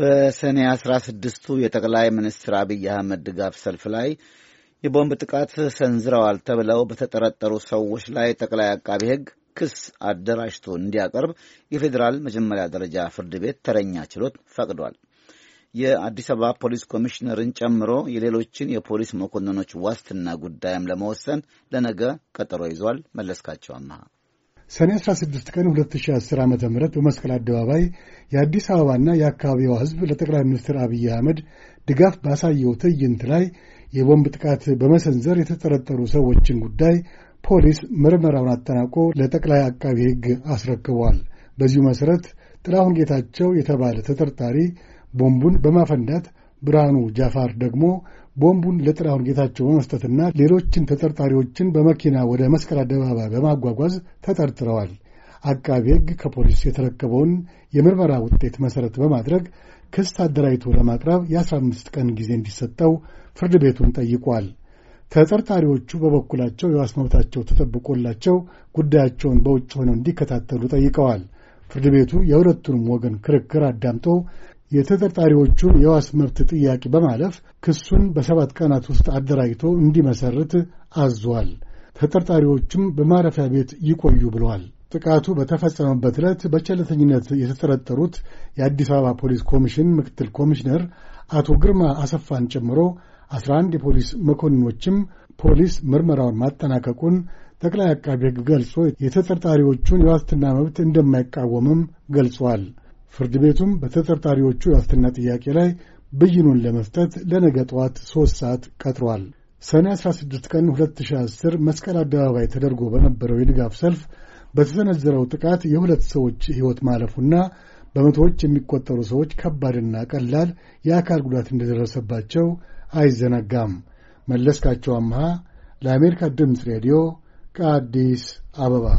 በሰኔ 16ቱ የጠቅላይ ሚኒስትር አብይ አህመድ ድጋፍ ሰልፍ ላይ የቦምብ ጥቃት ሰንዝረዋል ተብለው በተጠረጠሩ ሰዎች ላይ ጠቅላይ አቃቤ ሕግ ክስ አደራጅቶ እንዲያቀርብ የፌዴራል መጀመሪያ ደረጃ ፍርድ ቤት ተረኛ ችሎት ፈቅዷል። የአዲስ አበባ ፖሊስ ኮሚሽነርን ጨምሮ የሌሎችን የፖሊስ መኮንኖች ዋስትና ጉዳይም ለመወሰን ለነገ ቀጠሮ ይዟል። መለስካቸው አመሃ ሰኔ 16 ቀን 2010 ዓ ም በመስቀል አደባባይ የአዲስ አበባና የአካባቢዋ ሕዝብ ለጠቅላይ ሚኒስትር አብይ አህመድ ድጋፍ ባሳየው ትዕይንት ላይ የቦምብ ጥቃት በመሰንዘር የተጠረጠሩ ሰዎችን ጉዳይ ፖሊስ ምርመራውን አጠናቆ ለጠቅላይ አቃቢ ሕግ አስረክቧል። በዚሁ መሠረት ጥላሁን ጌታቸው የተባለ ተጠርጣሪ ቦምቡን በማፈንዳት ብርሃኑ ጃፋር ደግሞ ቦምቡን ለጥላሁን ጌታቸው በመስጠትና ሌሎችን ተጠርጣሪዎችን በመኪና ወደ መስቀል አደባባይ በማጓጓዝ ተጠርጥረዋል። አቃቢ ሕግ ከፖሊስ የተረከበውን የምርመራ ውጤት መሠረት በማድረግ ክስ አደራጅቶ ለማቅረብ የ15 ቀን ጊዜ እንዲሰጠው ፍርድ ቤቱን ጠይቋል። ተጠርጣሪዎቹ በበኩላቸው የዋስ መብታቸው ተጠብቆላቸው ጉዳያቸውን በውጭ ሆነው እንዲከታተሉ ጠይቀዋል። ፍርድ ቤቱ የሁለቱንም ወገን ክርክር አዳምጦ የተጠርጣሪዎቹን የዋስ መብት ጥያቄ በማለፍ ክሱን በሰባት ቀናት ውስጥ አደራጅቶ እንዲመሰርት አዟል። ተጠርጣሪዎቹም በማረፊያ ቤት ይቆዩ ብለዋል። ጥቃቱ በተፈጸመበት ዕለት በቸለተኝነት የተጠረጠሩት የአዲስ አበባ ፖሊስ ኮሚሽን ምክትል ኮሚሽነር አቶ ግርማ አሰፋን ጨምሮ 11 የፖሊስ መኮንኖችም ፖሊስ ምርመራውን ማጠናቀቁን ጠቅላይ አቃቢ ሕግ ገልጾ የተጠርጣሪዎቹን የዋስትና መብት እንደማይቃወምም ገልጿል። ፍርድ ቤቱም በተጠርጣሪዎቹ የዋስትና ጥያቄ ላይ ብይኑን ለመስጠት ለነገ ጠዋት ሦስት ሰዓት ቀጥሯል። ሰኔ 16 ቀን 2010 መስቀል አደባባይ ተደርጎ በነበረው የድጋፍ ሰልፍ በተሰነዘረው ጥቃት የሁለት ሰዎች ሕይወት ማለፉና በመቶዎች የሚቆጠሩ ሰዎች ከባድና ቀላል የአካል ጉዳት እንደደረሰባቸው አይዘነጋም። መለስካቸው አምሃ ለአሜሪካ ድምፅ ሬዲዮ ከአዲስ አበባ